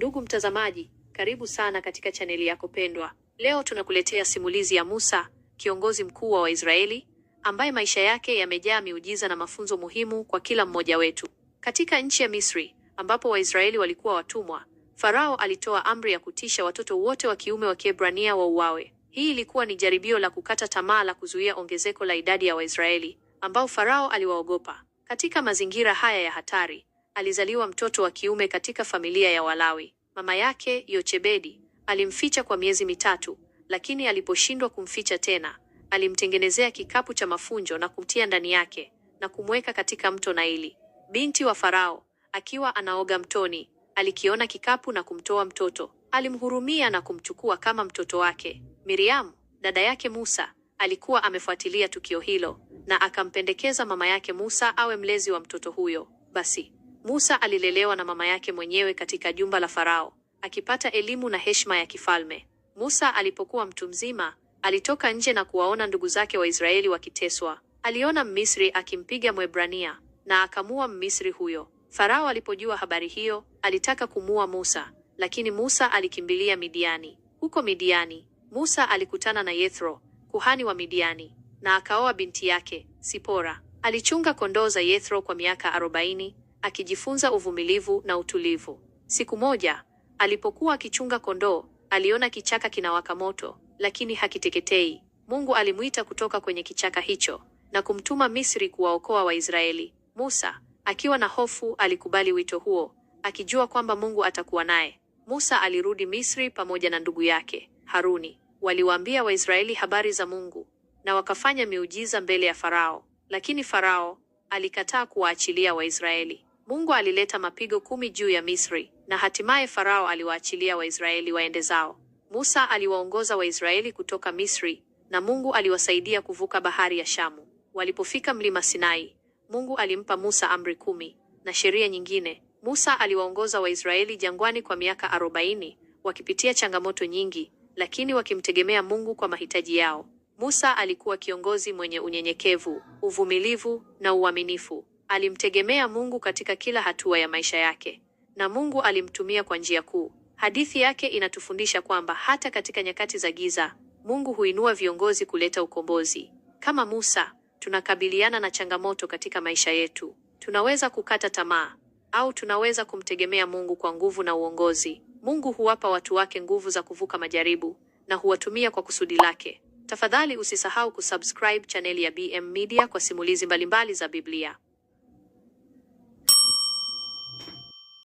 Ndugu mtazamaji, karibu sana katika chaneli yako pendwa. Leo tunakuletea simulizi ya Musa, kiongozi mkuu wa Waisraeli, ambaye maisha yake yamejaa miujiza na mafunzo muhimu kwa kila mmoja wetu. Katika nchi ya Misri, ambapo Waisraeli walikuwa watumwa, Farao alitoa amri ya kutisha watoto wote wa kiume wa Kiebrania wauawe. Hii ilikuwa ni jaribio la kukata tamaa la kuzuia ongezeko la idadi ya Waisraeli ambao Farao aliwaogopa. Katika mazingira haya ya hatari, alizaliwa mtoto wa kiume katika familia ya Walawi. Mama yake Yochebedi alimficha kwa miezi mitatu, lakini aliposhindwa kumficha tena, alimtengenezea kikapu cha mafunjo na kumtia ndani yake na kumweka katika mto Naili. Binti wa Farao akiwa anaoga mtoni, alikiona kikapu na kumtoa mtoto. Alimhurumia na kumchukua kama mtoto wake. Miriam, dada yake Musa, alikuwa amefuatilia tukio hilo na akampendekeza mama yake Musa awe mlezi wa mtoto huyo. Basi Musa alilelewa na mama yake mwenyewe katika jumba la Farao, akipata elimu na heshima ya kifalme. Musa alipokuwa mtu mzima, alitoka nje na kuwaona ndugu zake Waisraeli wakiteswa. Aliona Mmisri akimpiga Mwebrania na akamua Mmisri huyo. Farao alipojua habari hiyo, alitaka kumua Musa, lakini Musa alikimbilia Midiani. Huko Midiani, Musa alikutana na Yethro, kuhani wa Midiani, na akaoa binti yake Sipora. Alichunga kondoo za Yethro kwa miaka arobaini akijifunza uvumilivu na utulivu. Siku moja alipokuwa akichunga kondoo, aliona kichaka kinawaka moto, lakini hakiteketei. Mungu alimuita kutoka kwenye kichaka hicho na kumtuma Misri kuwaokoa Waisraeli. Musa akiwa na hofu alikubali wito huo, akijua kwamba Mungu atakuwa naye. Musa alirudi Misri pamoja na ndugu yake Haruni. Waliwaambia Waisraeli habari za Mungu na wakafanya miujiza mbele ya Farao, lakini Farao alikataa kuwaachilia Waisraeli. Mungu alileta mapigo kumi juu ya Misri na hatimaye Farao aliwaachilia Waisraeli waende zao. Musa aliwaongoza Waisraeli kutoka Misri na Mungu aliwasaidia kuvuka bahari ya Shamu. Walipofika mlima Sinai, Mungu alimpa Musa amri kumi na sheria nyingine. Musa aliwaongoza Waisraeli jangwani kwa miaka arobaini wakipitia changamoto nyingi, lakini wakimtegemea Mungu kwa mahitaji yao. Musa alikuwa kiongozi mwenye unyenyekevu, uvumilivu na uaminifu. Alimtegemea Mungu katika kila hatua ya maisha yake, na Mungu alimtumia kwa njia kuu. Hadithi yake inatufundisha kwamba hata katika nyakati za giza, Mungu huinua viongozi kuleta ukombozi. Kama Musa, tunakabiliana na changamoto katika maisha yetu. Tunaweza kukata tamaa au tunaweza kumtegemea Mungu kwa nguvu na uongozi. Mungu huwapa watu wake nguvu za kuvuka majaribu na huwatumia kwa kusudi lake. Tafadhali usisahau kusubscribe chaneli ya BM Media kwa simulizi mbalimbali za Biblia.